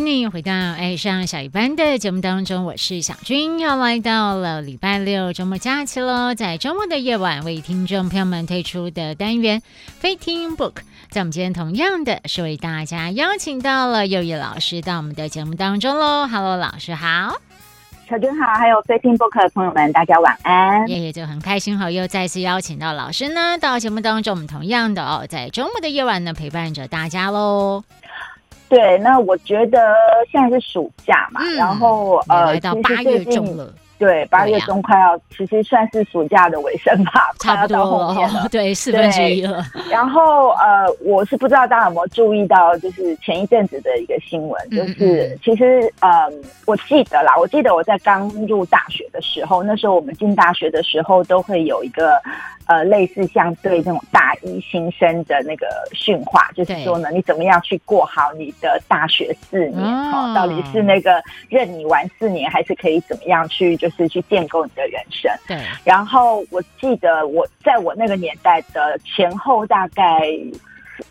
你回到愛上小一班的節目當中，我是小君。要來到了禮拜六周末假期嘍，在周末的夜晚為聽眾朋友們推出的單元《非聽 book》，在我們今天同樣的是為大家邀請到了佑佑老師到我們的節目當中嘍。Hello，老師好，小君好，還有《非聽 book》的朋友們，大家晚安。爺爺就很開心好，好又再次邀請到老師呢到節目當中，我們同樣的哦，在周末的夜晚呢陪伴着大家嘍。對，那我覺得現在是暑假嘛，嗯、然後呃，8月中了其實最近對，八月中快要，啊、其實算是暑假的尾聲吧，快要到後面了，對，四分之一了。然後呃，我是不知道大家有沒有注意到，就是前一陣子的一個新聞，就是嗯嗯其實呃，我記得啦，我記得我在剛入大學的時候，那時候我們進大學的時候都會有一個。呃，類似像對那種大一新生的那個訓話，就是說呢，對你怎麼樣去過好你的大學四年？啊哦、到底是那個任你玩四年，還是可以怎麼樣去，就是去建構你的人生？對。然後我記得我在我那個年代的前後，大概，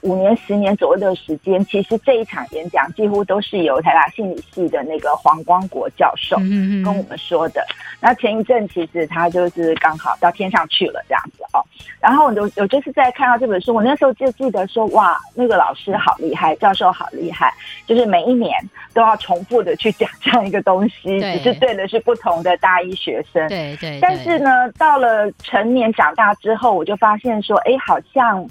五年、十年左右的時間，其實這一場演講幾乎都是由台大心理系的那個黃光國教授跟我們說的。嗯、哼那前一陣，其實他就是剛好到天上去了這樣子哦。然後我我就是在看到這本書，我那時候就記得說，哇，那個老師好厲害，教授好厲害，就是每一年都要重複的去講這樣一個東西，對只是對的是不同的大一學生。對，對對。但是呢，到了成年長大之後，我就發現說，哎、欸，好像。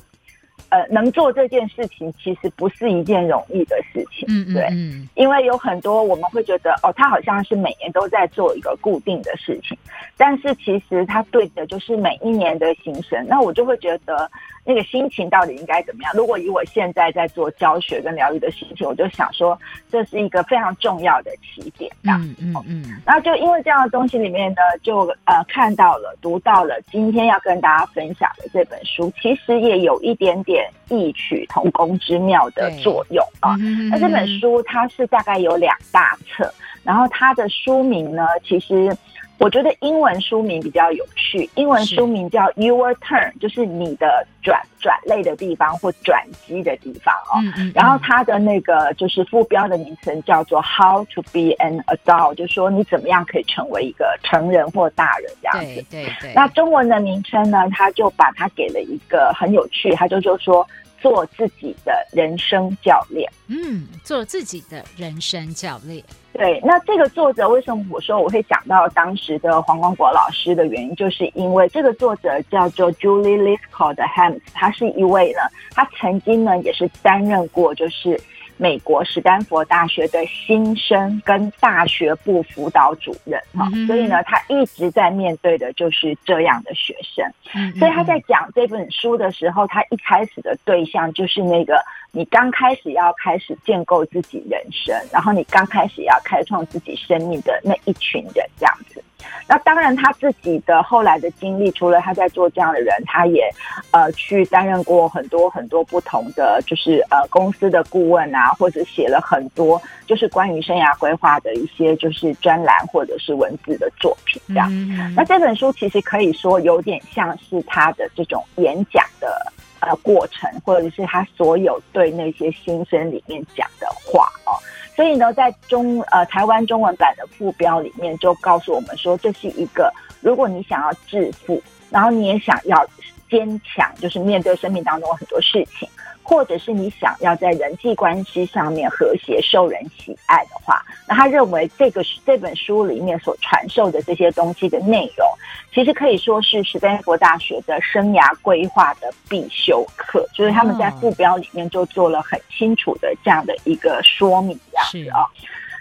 呃，能做這件事情其實不是一件容易的事情，對，因為有很多我們會覺得，哦，他好像是每年都在做一個固定的事情，但是其實他對的就是每一年的心聲，那我就會覺得。那個心情到底應該怎麼樣？如果以我現在在做教學跟療癒的心情，我就想說，這是一個非常重要的起點，嗯，嗯嗯嗯。然後就因為這樣的東西裡面呢，就呃看到了、讀到了今天要跟大家分享的這本書，其實也有一點點異曲同工之妙的作用，對啊。那、嗯、這本書它是大概有兩大冊，然後它的書名呢，其實。我覺得英文書名比較有趣，英文書名叫 Your Turn，是，就是你的轉轉類的地方或轉機的地方哦。嗯嗯嗯，然後它的那個就是副標的名稱叫做 How to Be an Adult，就是說你怎麼樣可以成為一個成人或大人這樣子。對對。對對，那中文的名稱呢？他就把它給了一個很有趣，他就就說做自己的人生教練。嗯，做自己的人生教練。對，那這個作者為什麼我說我會想到當時的黃光國老師的原因，就是因為這個作者叫做 Julie Lythcott-Haims，他是一位呢，他曾經呢也是擔任過就是。美國史丹佛大學的新生跟大學部輔導主任哈，嗯哼。所以呢，他一直在面對的就是這樣的學生，嗯哼。所以他在講這本書的時候，他一開始的對象就是那個你剛開始要開始建構自己人生，然後你剛開始要開創自己生命的那一群人這樣子。那當然，他自己的後來的經歷，除了他在做這樣的人，他也呃去擔任過很多很多不同的，就是呃公司的顧問啊，或者寫了很多就是關於生涯規劃的一些就是專欄或者是文字的作品這樣。Mm-hmm. 那這本書其實可以說有點像是他的這種演講的呃過程，或者是他所有對那些新生裡面講的話哦。所以呢，在中呃台灣中文版的副標裡面就告訴我們說，這是一個如果你想要致富，然後你也想要堅強，就是面對生命當中很多事情。或者是你想要在人際關係上面和諧、受人喜愛的話，那他認為這個這本書裡面所傳授的這些東西的內容，其實可以說是史丹佛大學的生涯規劃的必修課，就是他們在副標裡面就做了很清楚的這樣的一個說明這樣子啊。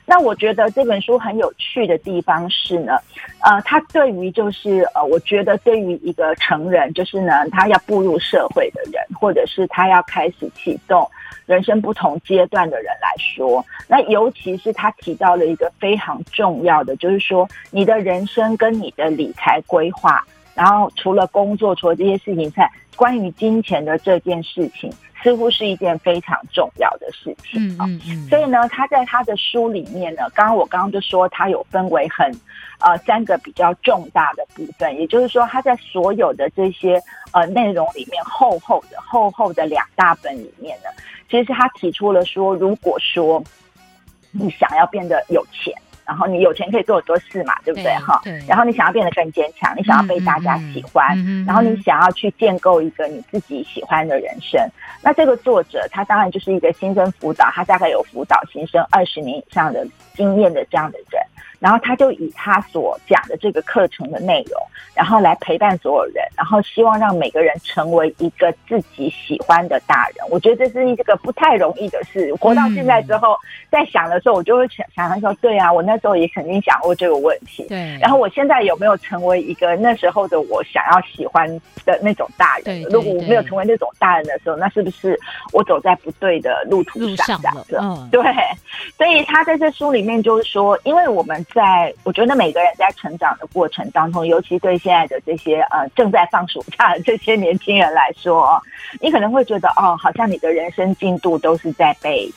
那我覺得這本書很有趣的地方是呢，呃，它對於就是呃，我覺得對於一個成人，就是呢，他要步入社會的人，或者是他要開始啟動人生不同階段的人來說，那尤其是他提到了一個非常重要的，就是說你的人生跟你的理財規劃，然後除了工作，除了這些事情關於金錢的這件事情，似乎是一件非常重要的事情嗯。嗯嗯，所以呢，他在他的書裡面呢，剛剛我剛剛就說，他有分為很呃三個比較重大的部分，也就是說，他在所有的這些呃內容裡面，厚厚的厚厚的兩大本裡面呢，其實他提出了說，如果說你想要變得有錢。然後你有錢可以做很多事嘛，對不對？哈，對，然後你想要變得更堅強，你想要被大家喜歡，嗯嗯嗯然後你想要去建構一個你自己喜歡的人生。那這個作者他當然就是一個新生輔導，他大概有輔導新生二十年以上的經驗的這樣的人。然後他就以他所講的這個課程的內容，然後來陪伴所有人，然後希望讓每個人成為一個自己喜歡的大人。我覺得這是一個不太容易的事。活到現在之後，嗯、在想的時候，我就會想，想他說：“對啊，我那時候也肯定想過這個問題。”對。然後我現在有沒有成為一個那時候的我想要喜歡的那種大人？如果我沒有成為那種大人的時候，對對對，那是不是我走在不對的路途上？嗯，對。所以他在這書裡面就是說，因為我們。在我覺得每個人在成長的過程當中，尤其對現在的這些呃正在放暑假的這些年輕人來說，你可能會覺得哦，好像你的人生進度都是在被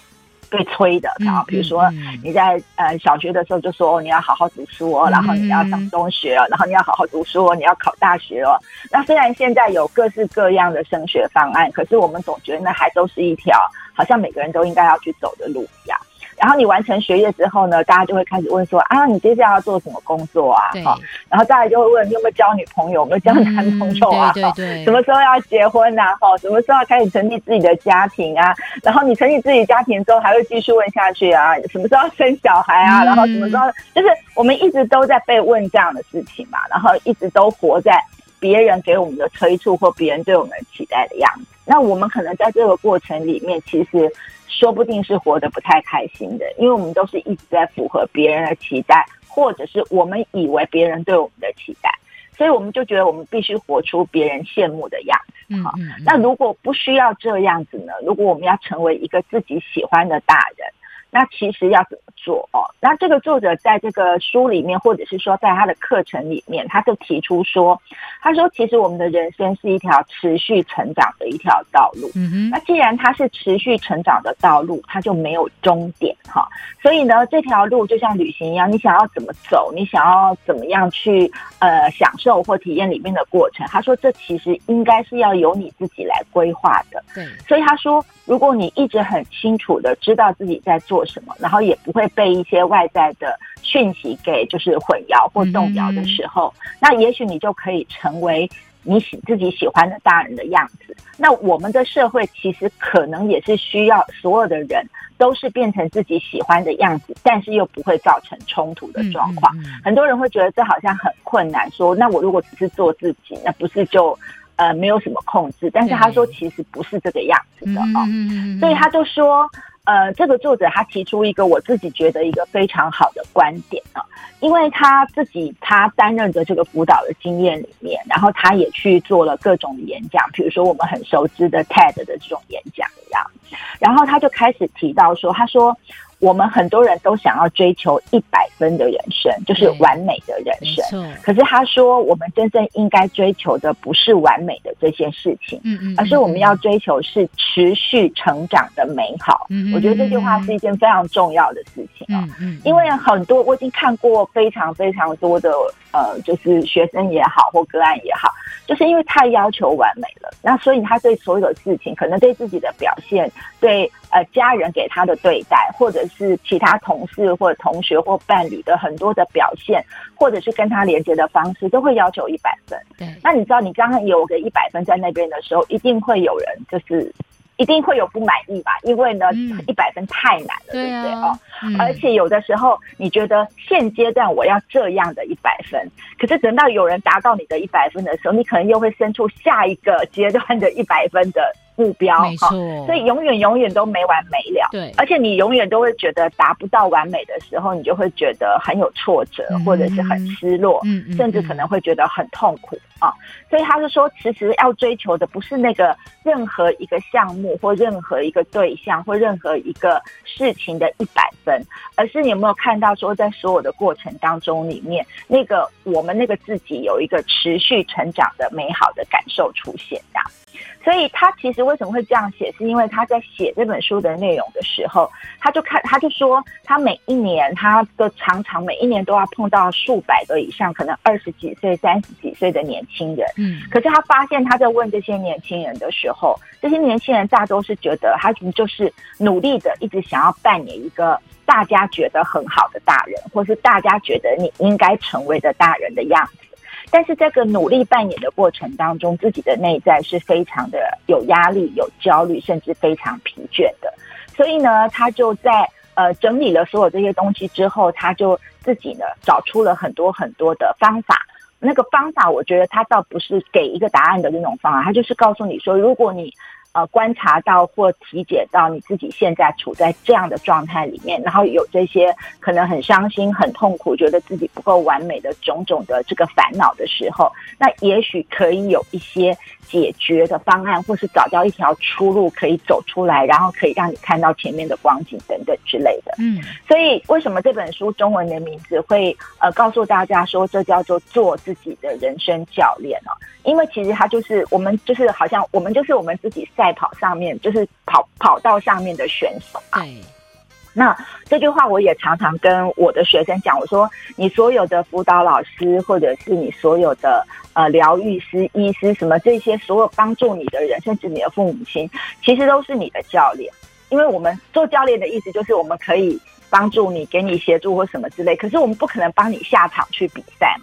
被催的。然後比如說你在呃小學的時候就說，哦，你要好好讀書哦，然後你要上中學哦，嗯，然後你要好好讀書哦，你要考大學哦。那雖然現在有各式各樣的升學方案，可是我們總覺得那還都是一條好像每個人都應該要去走的路一樣。然後你完成學業之後呢，大家就會開始問說啊，你接下來要做什麼工作啊？對然後大家就會問你有沒有交女朋友，有沒有交男朋友啊？嗯、對對對。什麼時候要結婚啊？什麼時候要開始成立自己的家庭啊？然後你成立自己家庭之後，還會繼續問下去啊，什麼時候要生小孩啊？嗯、然後什麼時候就是我們一直都在被問這樣的事情嘛。然後一直都活在別人給我們的催促或別人對我們的期待的樣子。那我們可能在這個過程裡面，其實。說不定是活得不太開心的，因為我們都是一直在符合別人的期待，或者是我們以為別人對我們的期待，所以我們就覺得我們必須活出別人羨慕的樣子。哈。嗯嗯。啊，那如果不需要這樣子呢？如果我們要成為一個自己喜歡的大人？那其實要怎麼做？哦，那這個作者在這個書裡面，或者是說在他的課程裡面，他就提出說，他說其實我們的人生是一條持續成長的一條道路。嗯哼。那既然它是持續成長的道路，它就沒有終點哈。所以呢，這條路就像旅行一樣，你想要怎麼走，你想要怎麼樣去呃享受或體驗裡面的過程。他說，這其實應該是要由你自己來規劃的。對、嗯。所以他說，如果你一直很清楚的知道自己在做。有什麼？然後也不會被一些外在的訊息給就是混淆或動搖的時候，嗯嗯，那也許你就可以成為你喜自己喜歡的大人的樣子。那我們的社會其實可能也是需要所有的人都是變成自己喜歡的樣子，但是又不會造成衝突的狀況。嗯嗯嗯，很多人會覺得這好像很困難，說那我如果只是做自己，那不是就呃沒有什麼控制？但是他說其實不是這個樣子的哦。嗯嗯嗯嗯，所以他就說。呃，這個作者他提出一個我自己覺得一個非常好的觀點啊，因為他自己他擔任的這個輔導的經驗裡面，然後他也去做了各種演講，比如說我們很熟知的 TED 的這種演講一樣，然後他就開始提到說，他說。我們很多人都想要追求一百分的人生，就是完美的人生。Yeah, 可是他說，我們真正應該追求的不是完美的這些事情，嗯嗯，嗯嗯，而是我們要追求是持續成長的美好。嗯，我覺得這句話是一件非常重要的事情哦。嗯，嗯嗯，因為很多我已經看過非常非常多的。呃，就是學生也好，或個案也好，就是因為太要求完美了，那所以他對所有的事情，可能對自己的表現，對呃家人給他的對待，或者是其他同事或同學或伴侶的很多的表現，或者是跟他連接的方式，都會要求一百分。對，那你知道你剛剛有個一百分在那邊的時候，一定會有人就是。一定會有不滿意吧，因為呢，一百分太難了，對不對哦，對啊嗯、而且有的時候，你覺得現階段我要這樣的一百分，可是等到有人達到你的一百分的時候，你可能又會生出下一個階段的一百分的目標哈沒錯，啊，所以永遠永遠都沒完沒了。對，而且你永遠都會覺得達不到完美的時候，你就會覺得很有挫折，或者是很失落，嗯嗯，甚至可能會覺得很痛苦嗯嗯嗯啊。所以他是說，其實要追求的不是那個任何一個項目，或任何一個對象，或任何一個事情的一百分，而是你有沒有看到說，在所有的過程當中裡面，那個我們那個自己有一個持續成長的美好的感受出現這樣。所以他其實為什麼會這樣寫，是因為他在寫這本書的內容的時候，他就看他就說，他每一年他都常常每一年都要碰到數百個以上，可能二十幾歲、三十幾歲的年輕人。嗯，可是他發現他在問這些年輕人的時候，這些年輕人大多是覺得他可能就是努力的，一直想要扮演一個大家覺得很好的大人，或是大家覺得你應該成為的大人的樣子。但是這個努力扮演的過程當中，自己的內在是非常的有壓力、有焦慮，甚至非常疲倦的。所以呢，他就在呃整理了所有這些東西之後，他就自己呢找出了很多很多的方法。那個方法，我覺得他倒不是給一個答案的那種方法，他就是告訴你說，如果你。呃，觀察到或體解到你自己現在處在這樣的狀態裡面，然後有這些可能很傷心、很痛苦，覺得自己不夠完美的種種的這個煩惱的時候，那也許可以有一些解決的方案，或是找到一條出路可以走出來，然後可以讓你看到前面的光景等等之類的。嗯，所以為什麼這本書中文的名字會呃告訴大家說，這叫做做自己的人生教練呢、啊？因為其實它就是我們就是好像我們就是我們自己。在跑上面，就是跑跑道上面的選手啊。哎，那這句話我也常常跟我的學生講，我說，你所有的輔導老師，或者是你所有的呃療癒師、醫師什麼這些所有幫助你的人，甚至你的父母親，其實都是你的教練。因為我們做教練的意思就是我們可以幫助你，給你協助或什麼之類，可是我們不可能幫你下場去比賽。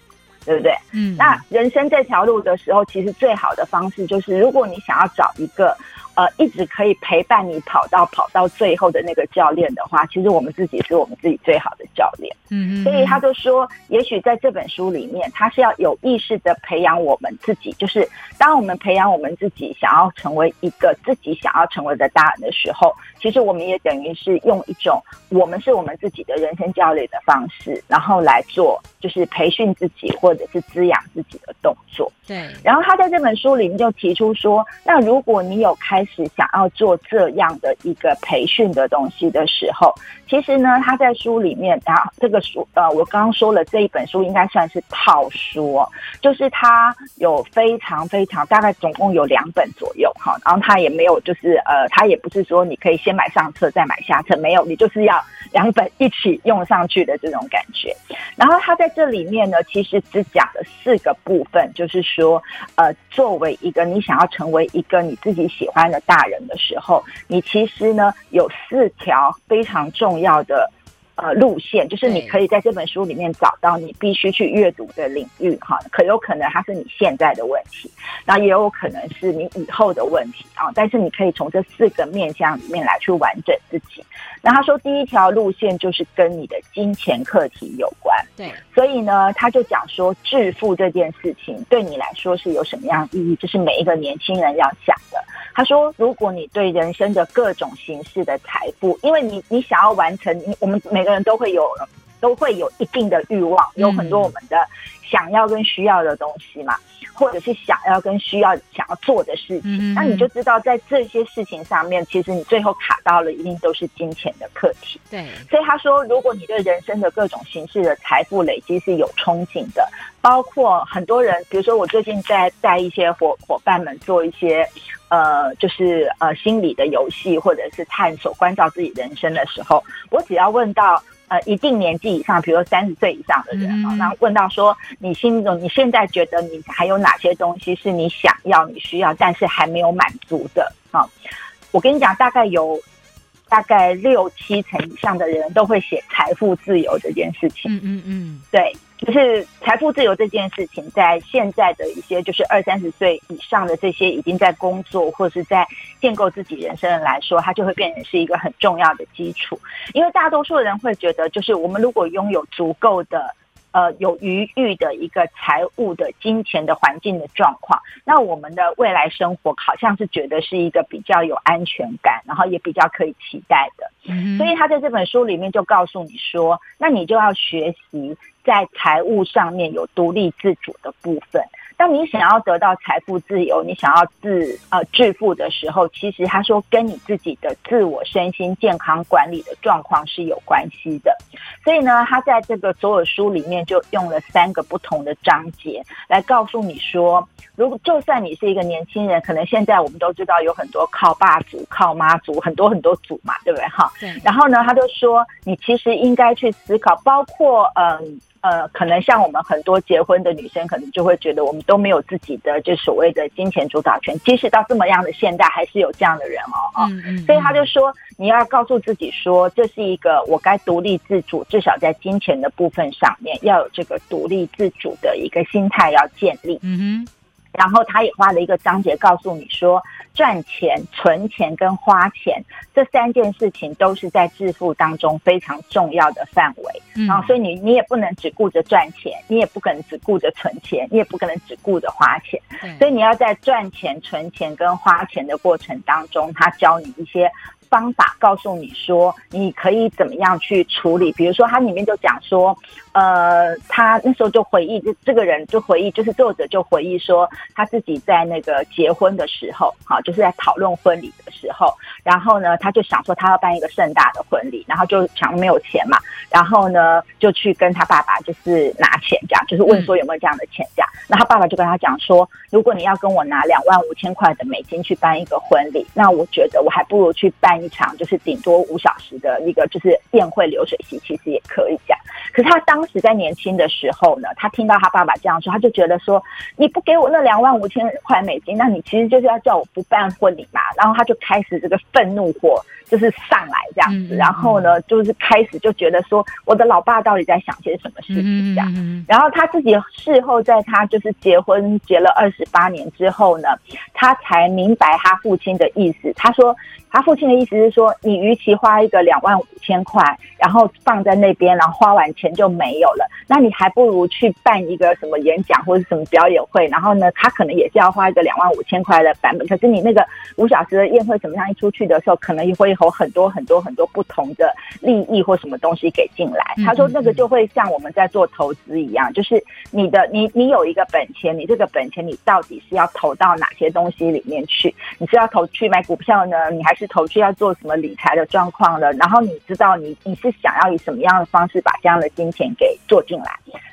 對不對？嗯，那人生這條路的時候，其實最好的方式就是，如果你想要找一個。呃，一直可以陪伴你跑到跑到最後的那個教練的話，其實我們自己是我們自己最好的教練。嗯，嗯，所以他就說，也許在這本書裡面，他是要有意識的培養我們自己。就是當我們培養我們自己，想要成為一個自己想要成為的大人的時候，其實我們也等於是用一種我們是我們自己的人生教練的方式，然後來做就是培訓自己或者是滋養自己的動作。對。然後他在這本書裡面就提出說，那如果你有開是想要做這樣的一個培訓的東西的時候，其實呢，他在書裡面，啊、然後這個書呃、啊，我剛剛說了這一本書應該算是套書，就是他有非常非常大概總共有兩本左右哈，然後他也沒有就是呃，他也不是說你可以先買上冊再買下冊，沒有，你就是要兩本一起用上去的這種感覺。然後他在這裡面呢，其實只講了四個部分，就是說呃，作為一個你想要成為一個你自己喜歡的。大人的時候，你其實呢，有四條非常重要的呃路線，就是你可以在這本書裡面找到你必須去閱讀的領域哈。可，有可能它是你現在的問題，那也有可能是你以後的問題啊。但是你可以從這四個面向裡面來去完整自己。那他說第一條路線就是跟你的金錢課題有關，對，所以呢他就講說致富這件事情對你來說是有什麼樣意義，這，就是每一個年輕人要想的。他說：“如果你對人生的各種形式的財富，因為你你想要完成，你我們每個人都會有，都會有一定的慾望，有很多我們的想要跟需要的東西嘛，或者是想要跟需要想要做的事情，那你就知道在這些事情上面，其實你最後卡到了一定都是金錢的課題。對，所以他說，如果你對人生的各種形式的財富累積是有憧憬的。”包括很多人，比如說我最近在帶，帶一些伙伙伴們做一些，呃，就是呃心理的遊戲，或者是探索關照自己人生的時候，我只要問到呃一定年紀以上，比如說三十歲以上的人啊，那、嗯、問到說你心中你現在覺得你還有哪些東西是你想要、你需要，但是還沒有滿足的，啊，我跟你講，大概有大概六七成以上的人都會寫財富自由這件事情。嗯，嗯嗯，對。就是財富自由這件事情，在現在的一些就是二三十歲以上的這些已經在工作或者是在建構自己人生的人來說，它就會變成是一個很重要的基礎，因為大多數人會覺得，就是我們如果擁有足夠的。呃，有餘裕的一個財務的金錢的環境的狀況，那我們的未來生活好像是覺得是一個比較有安全感，然後也比較可以期待的。Mm hmm. 所以他在這本書裡面就告訴你說，那你就要學習在財務上面有獨立自主的部分。當你想要得到財富自由，你想要自呃致富的時候，其實他說跟你自己的自我身心健康管理的狀況是有關係的。所以呢，他在這個所有書裡面就用了三個不同的章節來告訴你說，如果就算你是一個年輕人，可能現在我們都知道有很多靠爸族、靠媽族，很多很多族嘛，對不對哈？對。然後呢，他就說你其實應該去思考，包括嗯。呃呃，可能像我們很多結婚的女生，可能就會覺得我們都沒有自己的，就所謂的金錢主導權。即使到這麼樣的現代，還是有這樣的人哦。哦嗯,嗯,嗯，所以他就說，你要告訴自己說，這是一個我該獨立自主，至少在金錢的部分上面，要有這個獨立自主的一個心態要建立。嗯哼。然後他也花了一個章節告訴你說，賺錢、存錢跟花錢這三件事情都是在致富當中非常重要的範圍。然後、嗯啊，所以你你也不能只顧着賺錢，你也不可能只顧着存錢，你也不可能只顧着花錢。嗯、所以你要在賺錢、存錢跟花錢的過程當中，他教你一些。方法告訴你說，你可以怎麼樣去處理？比如說，他裡面就講說，呃，他那時候就回憶，這這個人就回憶，就是作者就回憶說，他自己在那個結婚的時候，好、啊，就是在討論婚禮的時候，然後呢，他就想說他要辦一個盛大的婚禮，然後就想沒有錢嘛，然後呢，就去跟他爸爸就是拿錢，這樣就是問說有沒有這樣的錢，這樣，嗯、然後他爸爸就跟他講說，如果你要跟我拿兩萬五千塊的美金去辦一個婚禮，那我覺得我還不如去辦。一場就是頂多五小時的一個就是宴會流水席，其實也可以講。可是他當時在年輕的時候呢，他聽到他爸爸這樣說，他就覺得說：“你不給我那兩萬五千塊美金，那你其實就是要叫我不辦婚禮嘛。”然後他就開始這個憤怒火。就是上來這樣子，然後呢，就是開始就覺得說，我的老爸到底在想些什麼事情這樣。然後他自己事後在他就是結婚結了二十八年之後呢，他才明白他父親的意思。他說他父親的意思是說，你與其花一個兩萬五千塊，然後放在那邊，然後花完錢就沒有了，那你還不如去辦一個什麼演講或者什麼表演會，然後呢，他可能也是要花一個兩萬五千塊的版本，可是你那個五小時的宴會怎麼樣一出去的時候，可能也會。投很多很多很多不同的利益或什麼東西給進來，他說那個就會像我們在做投資一樣，就是你的你你有一個本錢，你這個本錢你到底是要投到哪些東西裡面去？你是要投去買股票呢？你還是投去要做什麼理財的狀況呢？然後你知道你你是想要以什麼樣的方式把這樣的金錢給做進來。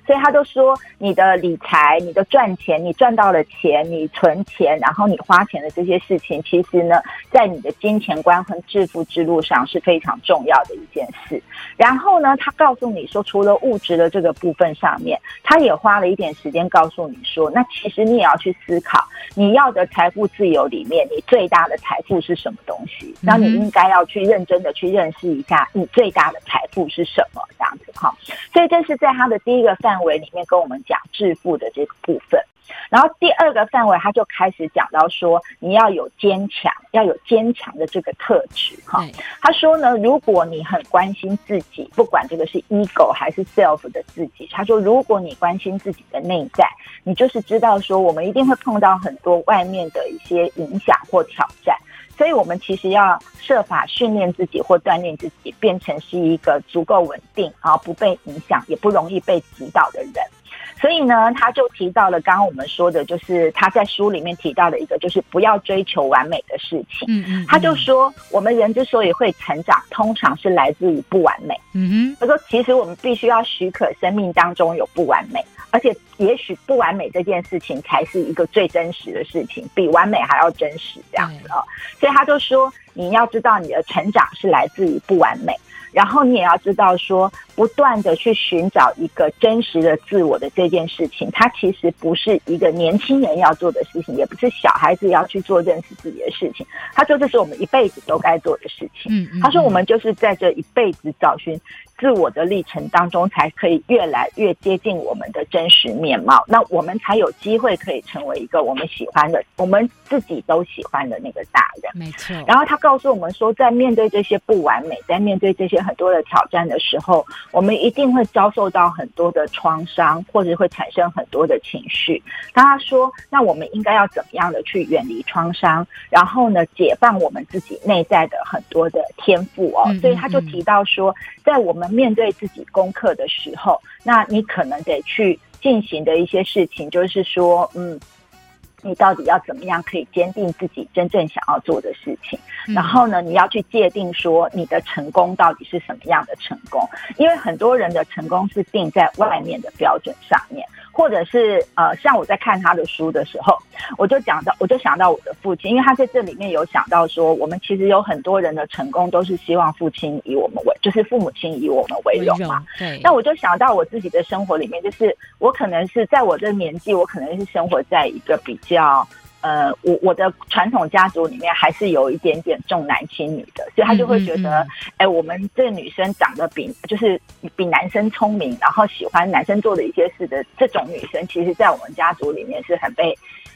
所以他都說你的理財、你的賺錢、你賺到了錢、你存錢，然後你花錢的這些事情，其實呢，在你的金錢觀和制度。富之路上是非常重要的一件事。然後呢，他告訴你說，除了物質的這個部分上面，他也花了一點時間告訴你說，那其實你也要去思考，你要的財富自由裡面，你最大的財富是什麼東西？嗯、哼那你應該要去認真的去認識一下，你最大的財富是什麼這樣子哈。所以這是在他的第一個範圍裡面跟我們講致富的這個部分。然後第二個範圍，他就開始講到說，你要有堅強，要有堅強的這個特質哈。他說呢，如果你很關心自己，不管這個是 ego 還是 self 的自己，他說，如果你關心自己的內在，你就是知道說，我們一定會碰到很多外面的一些影響或挑戰，所以我們其實要設法訓練自己或鍛鍊自己，變成是一個足夠穩定，而不被影響，也不容易被擊倒的人。所以呢，他就提到了剛剛我們說的，就是他在書裡面提到的一個，就是不要追求完美的事情。嗯，嗯嗯，他就說，我們人之所以會成長，通常是來自於不完美。嗯哼，他說，其實我們必須要許可生命當中有不完美，而且也許不完美這件事情才是一個最真實的事情，比完美還要真實這樣子啊、哦。嗯，所以他就說，你要知道你的成長是來自於不完美，然後你也要知道說。不斷地去尋找一個真實的自我的這件事情，它其實不是一個年輕人要做的事情，也不是小孩子要去做認識自己的事情。他說，這是我們一輩子都該做的事情。嗯。他說，我們就是在這一輩子找尋自我的歷程當中，才可以越來越接近我們的真實面貌。那我們才有機會可以成為一個我們喜歡的、我們自己都喜歡的那個大人。沒錯。然後他告訴我們說，在面對這些不完美，在面對這些很多的挑戰的時候。我們一定會遭受到很多的創傷，或者會產生很多的情緒。他說，那我們應該要怎麼樣的去遠離創傷，然後呢，解放我們自己內在的很多的天賦哦。嗯嗯嗯。所以他就提到說，在我們面對自己功課的時候，那你可能得去進行的一些事情，就是說，嗯。你到底要怎麼樣可以堅定自己真正想要做的事情？嗯。然後呢，你要去界定說你的成功到底是什麼樣的成功？因為很多人的成功是定在外面的標準上面。或者是呃，像我在看他的書的時候，我就講到，我就想到我的父親，因為他在這裡面有想到說，我們其實有很多人的成功都是希望父親以我們為，就是父母親以我們為榮嘛。對。那我就想到我自己的生活裡面，就是我可能是在我的年紀，我可能是生活在一個比較。呃，我我的傳統家族裡面還是有一點點重男輕女的，所以他就會覺得，哎、嗯嗯嗯欸，我們這個女生長得比就是比男生聰明，然後喜歡男生做的一些事的這種女生，其實，在我們家族裡面是很被。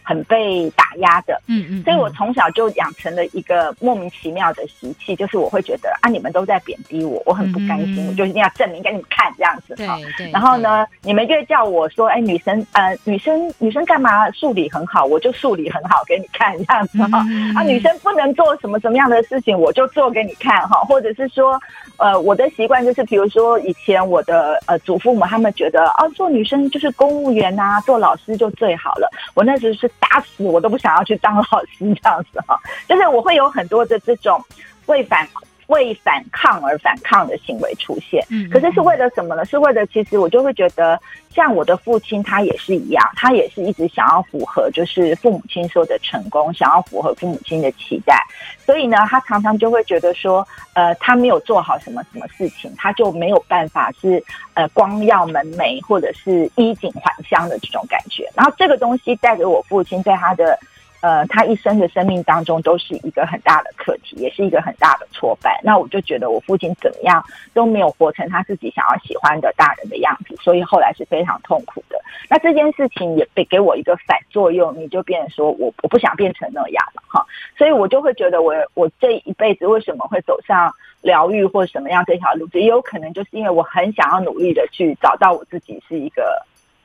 很被打壓的，嗯，嗯嗯，所以我從小就養成了一個莫名其妙的習氣，就是我會覺得啊，你們都在貶低我，我很不甘心，嗯嗯嗯，我就一定要證明給你們看，這樣子哈。對對對對，然後呢，你們越叫我說，哎、欸，女生，呃，女生，女生幹嘛數理很好，我就數理很好給你看，這樣子哈。嗯嗯嗯啊，女生不能做什麼什麼樣的事情，我就做給你看哈。或者是說，呃，我的習慣就是，比如說以前我的呃祖父母他們覺得哦、啊，做女生就是公務員啊，做老師就最好了。我那時候是。打死我都不想要去當老師這樣子哈、啊，就是我會有很多的這種違反。為反抗而反抗的行為出現，可是是為了什麼呢？是為了其實我就會覺得，像我的父親，他也是一樣，他也是一直想要符合，就是父母親說的成功，想要符合父母親的期待。所以呢，他常常就會覺得說，呃，他沒有做好什麼什麼事情，他就沒有辦法是呃光耀門楣或者是衣錦還鄉的這種感覺。然後這個東西帶給我父親，在他的。呃，他一生的生命當中都是一個很大的課題，也是一個很大的挫敗。那我就覺得我父親怎麼樣都沒有活成他自己想要喜歡的大人的樣子，所以後來是非常痛苦的。那這件事情也給給我一個反作用，你就變成說，我我不想變成那樣了。哈。所以我就會覺得我，我我這一輩子為什麼會走上療癒或什麼樣這條路子，也有可能就是因為我很想要努力的去找到我自己是一個。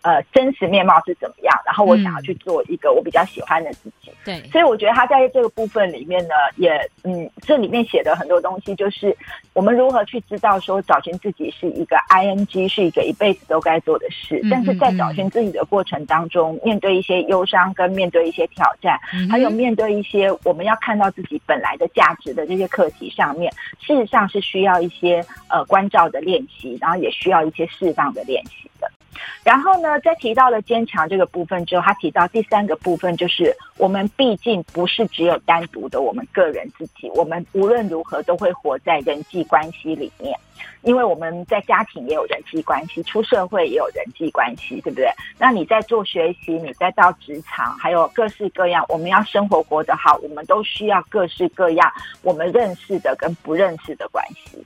呃，真實面貌是怎麼樣？然後我想要去做一個我比較喜歡的自己。嗯。對，所以我覺得他在這個部分裡面呢，也，嗯，這裡面寫的很多東西，就是我們如何去知道說找尋自己是一個 I N G，是一個一輩子都該做的事。嗯、但是在找尋自己的過程當中，面對一些憂傷，跟面對一些挑戰，嗯、還有面對一些我們要看到自己本來的價值的這些課題上面，事實上是需要一些呃關照的練習，然後也需要一些適當的練習的。然後呢，在提到了堅強這個部分之後，他提到第三個部分就是，我們畢竟不是只有單獨的我們個人自己，我們無論如何都會活在人際關係裡面，因為我們在家庭也有人際關係，出社會也有人際關係，對不對？那你在做學習，你在到職場，還有各式各樣，我們要生活過得好，我們都需要各式各樣我們認識的跟不認識的關係。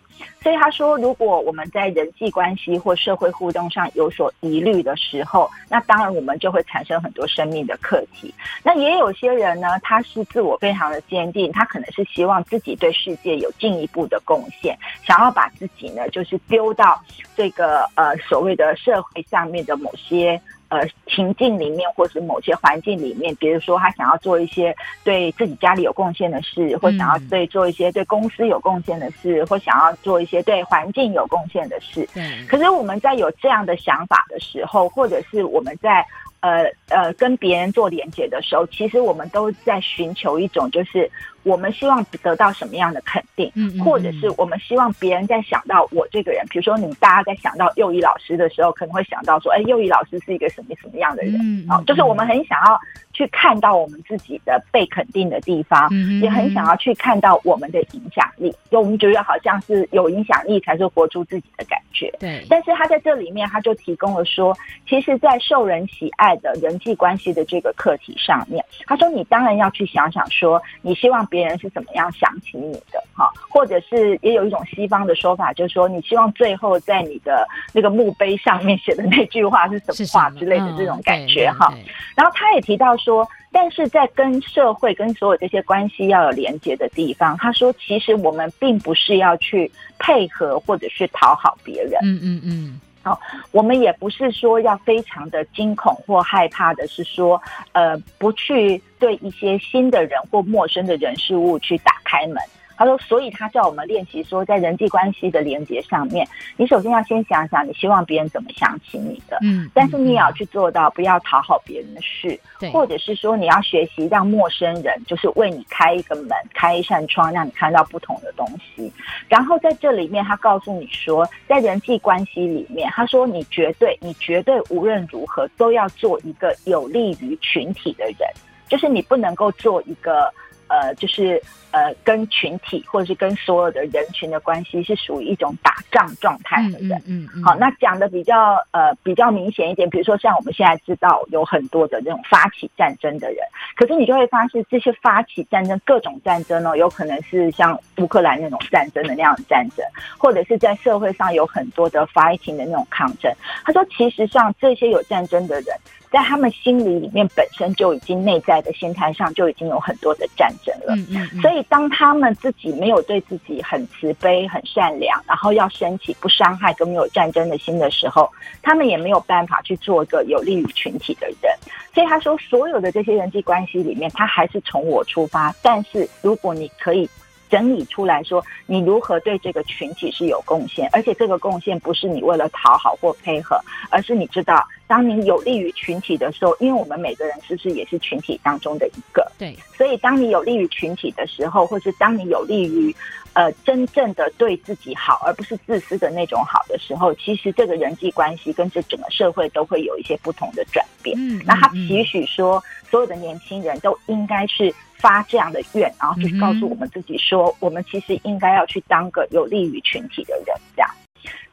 所以他說，如果我們在人際關係或社會互動上有所疑慮的時候，那當然我們就會產生很多生命的課題。那也有些人呢，他是自我非常的堅定，他可能是希望自己對世界有進一步的貢獻，想要把自己呢，就是丟到這個，呃，所謂的社會上面的某些。呃，情境裡面，或是某些環境裡面，比如說他想要做一些對自己家裡有貢獻的事，或想要對做一些對公司有貢獻的事，或想要做一些對環境有貢獻的事。嗯。可是我們在有這樣的想法的時候，或者是我們在呃呃跟別人做連接的時候，其實我們都在尋求一種就是。我們希望得到什麼樣的肯定，或者是我們希望別人在想到我這個人，比如說，你們大家在想到右一老師的時候，可能會想到說：“哎，右一老師是一個什麼什麼樣的人？”嗯嗯，啊，就是我們很想要去看到我們自己的被肯定的地方，也很想要去看到我們的影響力。就我們覺得好像是有影響力才是活出自己的感覺。對，但是他在這裡面，他就提供了說，其實，在受人喜愛的人際關係的這個課題上面，他說：“你當然要去想想說，你希望別。”別人是怎麼樣想起你的哈，或者是也有一種西方的說法，就是說你希望最後在你的那個墓碑上面寫的那句話是什麼話之類的這種感覺哈。嗯、然後他也提到說，但是在跟社會跟所有這些關係要有連接的地方，他說其實我們並不是要去配合或者是討好別人。嗯嗯嗯。嗯嗯哦，我們也不是說要非常的驚恐或害怕的，是說，呃，不去對一些新的人或陌生的人事物去打開門。他說，所以他叫我們練習說，在人際關係的連接上面，你首先要先想想你希望別人怎麼想起你的。嗯，但是你要去做到，不要討好別人的事，對或者是說你要學習讓陌生人就是為你開一個門，開一扇窗，讓你看到不同的東西。然後在這裡面，他告訴你說，在人際關係裡面，他說你絕對，你絕對無論如何都要做一個有利於群體的人，就是你不能夠做一個。呃，就是呃，跟群體或者是跟所有的人群的關係是屬於一種打仗狀態的人。嗯好，那講的比較呃比較明顯一點，比如說像我們現在知道有很多的這種發起戰爭的人，可是你就會發現這些發起戰爭各種戰爭呢、哦，有可能是像烏克蘭那種戰爭的那樣的戰爭，或者是在社會上有很多的 fighting 的那種抗爭。他說，其實像這些有戰爭的人。在他們心裡裡面本身就已經內在的心態上就已經有很多的戰爭了，所以當他們自己沒有對自己很慈悲、很善良，然後要升起不傷害、跟沒有戰爭的心的時候，他們也沒有辦法去做一個有利於群體的人。所以他說，所有的這些人際關係裡面，他還是從我出發。但是，如果你可以整理出來說，你如何對這個群體是有貢獻，而且這個貢獻不是你為了討好或配合，而是你知道。當你有利於群體的時候，因為我們每個人是不是也是群體當中的一個？對。所以，當你有利於群體的時候，或者當你有利於呃真正的對自己好，而不是自私的那種好的時候，其實這個人際關係跟這整個社會都會有一些不同的轉變。嗯。嗯嗯那他期許說，所有的年輕人都應該是發這樣的願，然後去告訴我們自己說，嗯、哼我們其實應該要去當個有利於群體的人，這樣。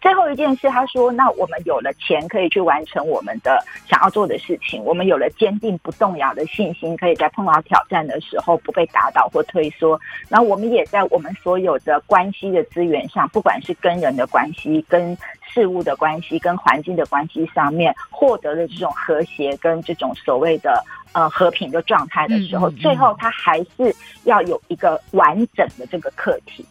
最後一件事，他說：“那我們有了錢，可以去完成我們的想要做的事情；我們有了堅定不動搖的信心，可以在碰到挑戰的時候不被打倒或退縮。然後我們也在我們所有的關係的資源上，不管是跟人的關係、跟事物的關係、跟環境的關係上面，獲得了這種和諧跟這種所謂的呃和平的狀態的時候，嗯嗯嗯最後他還是要有一個完整的這個課題。”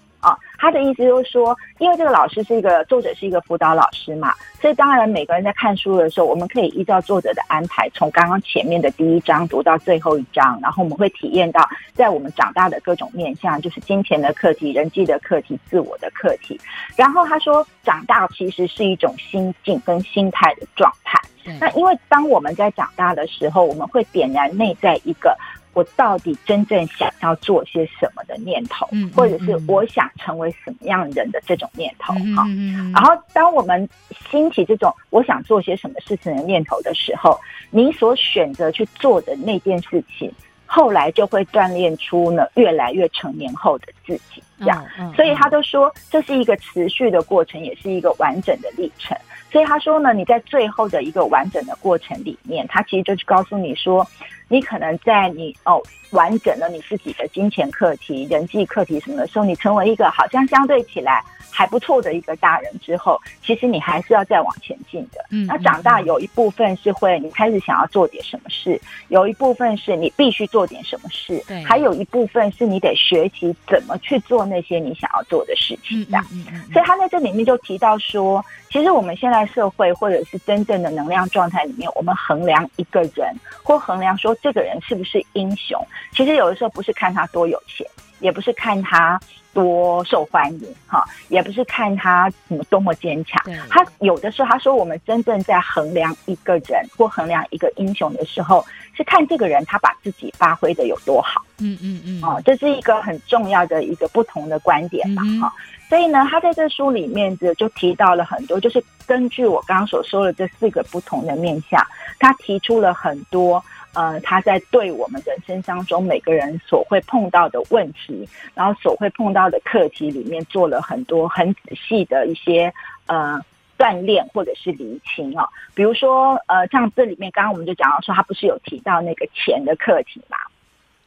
他的意思就是說，因為這個老師是一個作者，是一個輔導老師嘛，所以當然每個人在看書的時候，我們可以依照作者的安排，從剛剛前面的第一章讀到最後一章，然後我們會體驗到，在我們長大的各種面向，就是金錢的課題、人際的課題、自我的課題。然後他說，長大其實是一種心境跟心態的狀態。嗯，那因為當我們在長大的時候，我們會點燃內在一個。我到底真正想要做些什麼的念頭，嗯嗯嗯，或者是我想成為什麼樣人的這種念頭哈。嗯嗯嗯，然後，當我們興起這種我想做些什麼事情的念頭的時候，你所選擇去做的那件事情，後來就會鍛鍊出呢越來越成年後的自己。這樣，嗯嗯嗯，所以他都說這是一個持續的過程，也是一個完整的歷程。所以他說呢，你在最後的一個完整的過程裡面，他其實就是告訴你說，你可能在你哦，完整了你自己的金錢課題、人際課題什麼的時候，你成為一個好像相對起來還不錯的一個大人之後，其實你還是要再往前進的。嗯，嗯，嗯，那長大有一部分是會，你開始想要做點什麼事；有一部分是你必須做點什麼事；對，還有一部分是你得學習怎麼去做那些你想要做的事情的。嗯嗯，嗯嗯。所以他在這裡面就提到說，其實我們現在社會或者是真正的能量狀態裡面，我們衡量一個人或衡量說這個人是不是英雄，其實有的時候不是看他多有錢。也不是看他多受歡迎哈，也不是看他怎麼多麼堅強。對他有的時候他說，我們真正在衡量一個人或衡量一個英雄的時候，是看這個人他把自己發揮得有多好。嗯嗯嗯。這是一個很重要的一個不同的觀點嘛哈。嗯嗯。所以呢，他在這書裡面就提到了很多，就是根據我剛剛所說的這四個不同的面向，他提出了很多。呃，他在對我們人生當中每個人所會碰到的問題，然後所會碰到的課題裡面做了很多很仔細的一些呃鍛鍊或者是理清哦。比如說呃，像這裡面剛剛我們就講到說，他不是有提到那個錢的課題嘛？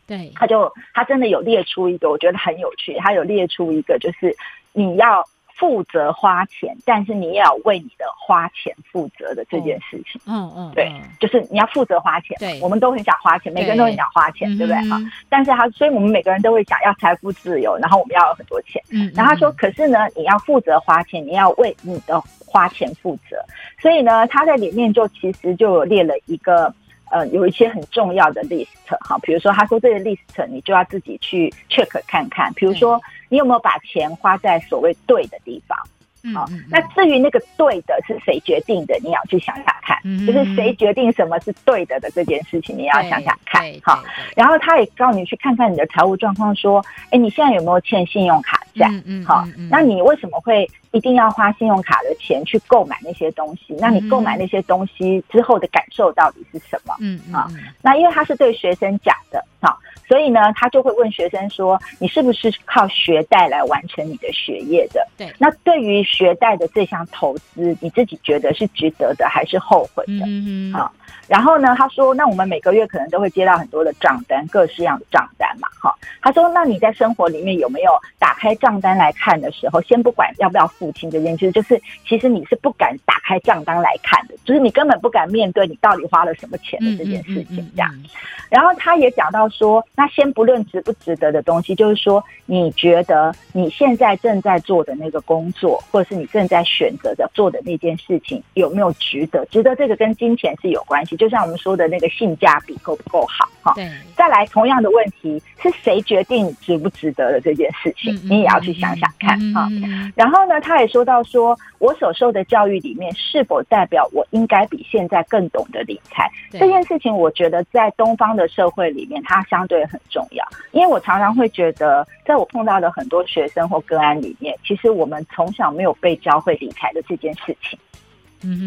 對，他就他真的有列出一個，我覺得很有趣，他有列出一個就是你要。負責花錢，但是你也要為你的花錢負責的這件事情。嗯嗯，嗯嗯嗯對，就是你要負責花錢。對我們都很想花錢，每個人都很想花錢，對不對哈吧？嗯嗯但是他，所以我們每個人都會想要財富自由，然後我們要有很多錢。嗯，嗯，然後他說：“可是呢，你要負責花錢，你要為你的花錢負責。”所以呢，他在裡面就其實就有列了一個。呃，有一些很重要的 list 哈，比如說他說，這個 list，你就要自己去 check 看看，比如說你有沒有把錢花在所謂對的地方。好、嗯嗯嗯哦，那至於那個對的是誰決定的，你要去想想看，嗯嗯嗯就是誰決定什麼是對的的這件事情，嗯嗯你要想想看哈。嗯嗯嗯然後他也告訴你去看看你的財務狀況，說，誒你現在有沒有欠信用卡債？嗯好、嗯嗯嗯哦，那你為什麼會一定要花信用卡的錢去購買那些東西？那你購買那些東西之後的感受到底是什麼？嗯，嗯，嗯，嗯，啊、哦，那因為他是對學生講的，哈、哦。所以呢，他就會問學生說：“你是不是靠學貸來完成你的學業的？”對。那對於學貸的這項投資，你自己覺得是值得的，還是後悔的？嗯好、嗯哦。然後呢，他說：“那我們每個月可能都會接到很多的賬單，各式樣的賬單嘛。哦”哈。他說：“那你在生活裡面有沒有打開賬單來看的時候，先不管要不要付清這件事，就是其實你是不敢打開賬單來看的，就是你根本不敢面對你到底花了什麼錢的這件事情。”這樣。嗯嗯嗯嗯嗯然後他也講到說。那先不論值不值得的東西，就是說，你覺得你現在正在做的那個工作，或者是你正在選擇的做的那件事情，有沒有值得？值得這個跟金錢是有關係，就像我們說的那個性價比夠不夠好，哈。再來，同樣的問題，是誰決定值不值得的這件事情，你也要去想想看啊。然後呢，他也說到，說我所受的教育裡面是否代表我應該比現在更懂得理財這件事情，我覺得在東方的社會裡面，它相對。很重要，因為我常常會覺得，在我碰到的很多學生或個案裡面，其實我們從小沒有被教會理財的這件事情。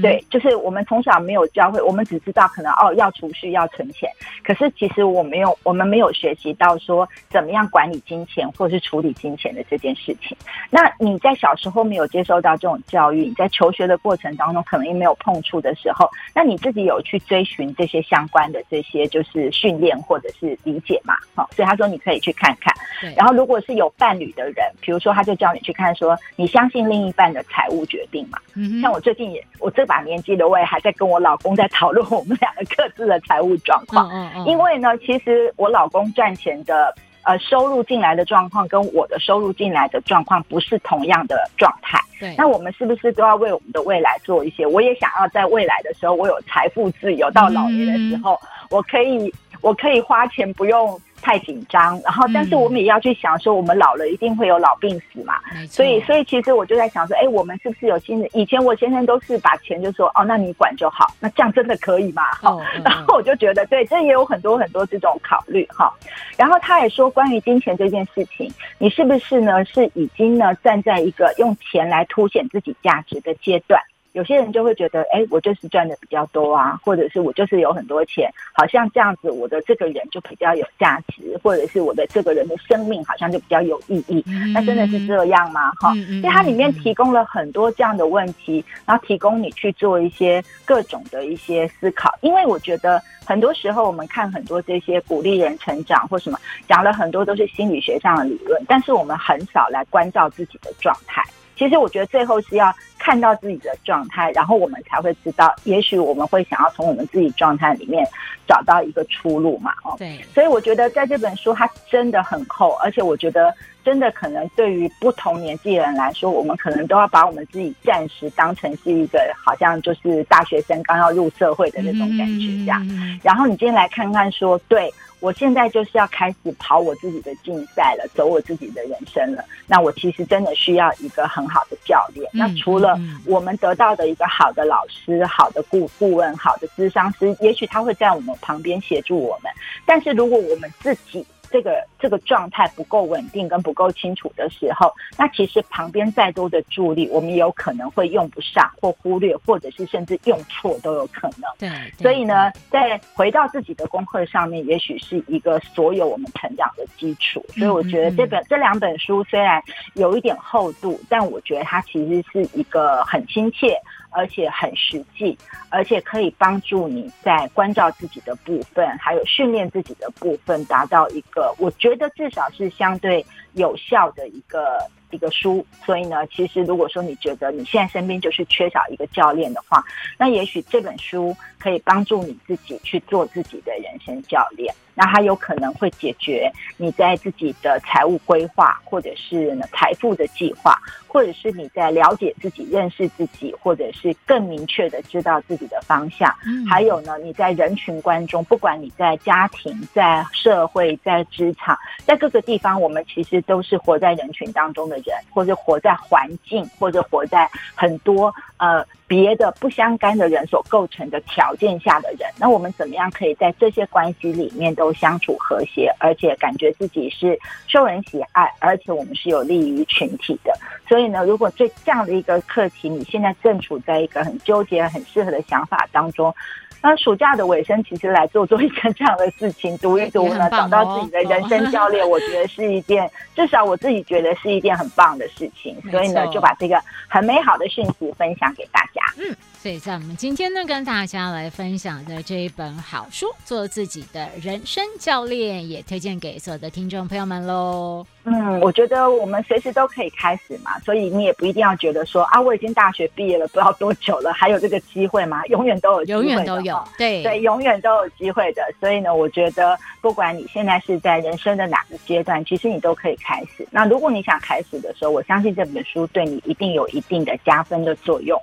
對，就是我們從小沒有教會，我們只知道可能哦要儲蓄要存錢，可是其實我沒有，我們沒有學習到說怎麼樣管理金錢或是處理金錢的這件事情。那你在小時候沒有接受到這種教育，你在求學的過程當中可能也沒有碰觸的時候，那你自己有去追尋這些相關的這些就是訓練或者是理解嘛？哈、哦，所以他說你可以去看看。對然後如果是有伴侶的人，比如說他就叫你去看說你相信另一半的財務決定嘛？嗯、哼像我最近也我。我這把年紀的我，也還在跟我老公在討論我們兩個各自的財務狀況。嗯嗯，嗯，因為呢，其實我老公賺錢的呃收入進來的狀況，跟我的收入進來的狀況不是同樣的狀態。對。那我們是不是都要為我們的未來做一些？我也想要在未來的時候，我有財富自由，嗯嗯，到老年的時候，我可以，我可以花錢不用，太緊張，然後，但是我們也要去想說，我們老了一定會有老病死嘛，嗯、所以，所以其實我就在想說，哎、欸，我們是不是有新的？以前我先生都是把錢就說，哦，那你管就好，那這樣真的可以嗎？哦哦、然後我就覺得，對，這也有很多很多這種考慮哈。哦嗯、然後他也說，關於金錢這件事情，你是不是呢？是已經呢站在一個用錢來凸顯自己價值的階段。有些人就會覺得，哎、欸，我就是賺的比較多啊，或者是我就是有很多錢，好像這樣子，我的這個人就比較有價值，或者是我的這個人的生命好像就比較有意義。那真的是這樣嗎？哈、mm，hmm. 因為它裡面提供了很多這樣的問題，然後提供你去做一些各種的一些思考。因為我覺得很多時候我們看很多這些鼓勵人成長或什麼，講了很多都是心理學上的理論，但是我們很少來關照自己的狀態。其實我覺得最後是要。看到自己的狀態，然後我們才會知道，也許我們會想要從我們自己狀態裡面找到一個出路嘛。哦，對，所以我覺得在這本書它真的很厚，而且我覺得真的可能對於不同年紀的人來說，我們可能都要把我們自己暫時當成是一個好像就是大學生剛要入社會的那種感覺這樣。嗯，然後你今天來看看說對。我現在就是要開始跑我自己的競賽了，走我自己的人生了。那我其實真的需要一個很好的教練。那除了我們得到的一個好的老師、好的顧顧問、好的諮商師，也許他會在我們旁邊協助我們。但是如果我們自己，這個這個狀態不夠穩定跟不夠清楚的時候，那其實旁邊再多的助力，我們也有可能會用不上，或忽略，或者是甚至用錯都有可能。對，對，對。所以呢，在回到自己的功課上面，也許是一個所有我們成長的基礎。所以我覺得這本，嗯，嗯，這兩本書雖然有一點厚度，但我覺得它其實是一個很親切。而且很實際，而且可以幫助你在關照自己的部分，還有訓練自己的部分，達到一個我覺得至少是相對有效的一個一個書。所以呢，其實如果說你覺得你現在身邊就是缺少一個教練的話，那也許這本書可以幫助你自己去做自己的人生教練。那它有可能會解決你在自己的財務規劃，或者是財富的計劃，或者是你在了解自己、認識自己，或者是更明確的知道自己的方向。嗯，還有呢，你在人群觀中，不管你在家庭、在社會、在職場、在各個地方，我們其實都是活在人群當中的人，或者活在環境，或者活在很多呃。別的不相干的人所構成的條件下的人，那我們怎麼樣可以在這些關係裡面都相處和諧，而且感覺自己是受人喜愛，而且我們是有利於群體的？所以呢，如果這這樣的一個課題，你現在正處在一個很糾結、很適合的想法當中。那暑假的尾聲，其實，來做做一件這樣的事情，讀一讀呢，哦、找到自己的人生教練，哦、我覺得是一件，至少我自己覺得是一件很棒的事情。沒錯。所以呢，就把這個很美好的訊息分享給大家。嗯，所以在我們今天呢，跟大家來分享的這一本好書《做自己的人生教練》，也推薦給所有的聽眾朋友們嘍。嗯，我覺得我們隨時都可以開始嘛，所以你也不一定要覺得說啊，我已經大學畢業了，不知道多久了，還有這個機會嗎？永遠都有機會，永遠都有，對對，永遠都有機會的。所以呢，我覺得不管你現在是在人生的哪個階段，其實你都可以開始。那如果你想開始的時候，我相信這本書對你一定有一定的加分的作用。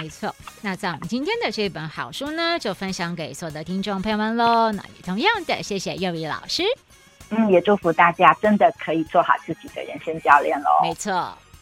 沒錯，那這樣今天的這本好書呢，就分享給所有的聽眾朋友們嘍。那也同樣的，謝謝幼米老師。嗯，也祝福大家真的可以做好自己的人生教練咯。沒錯。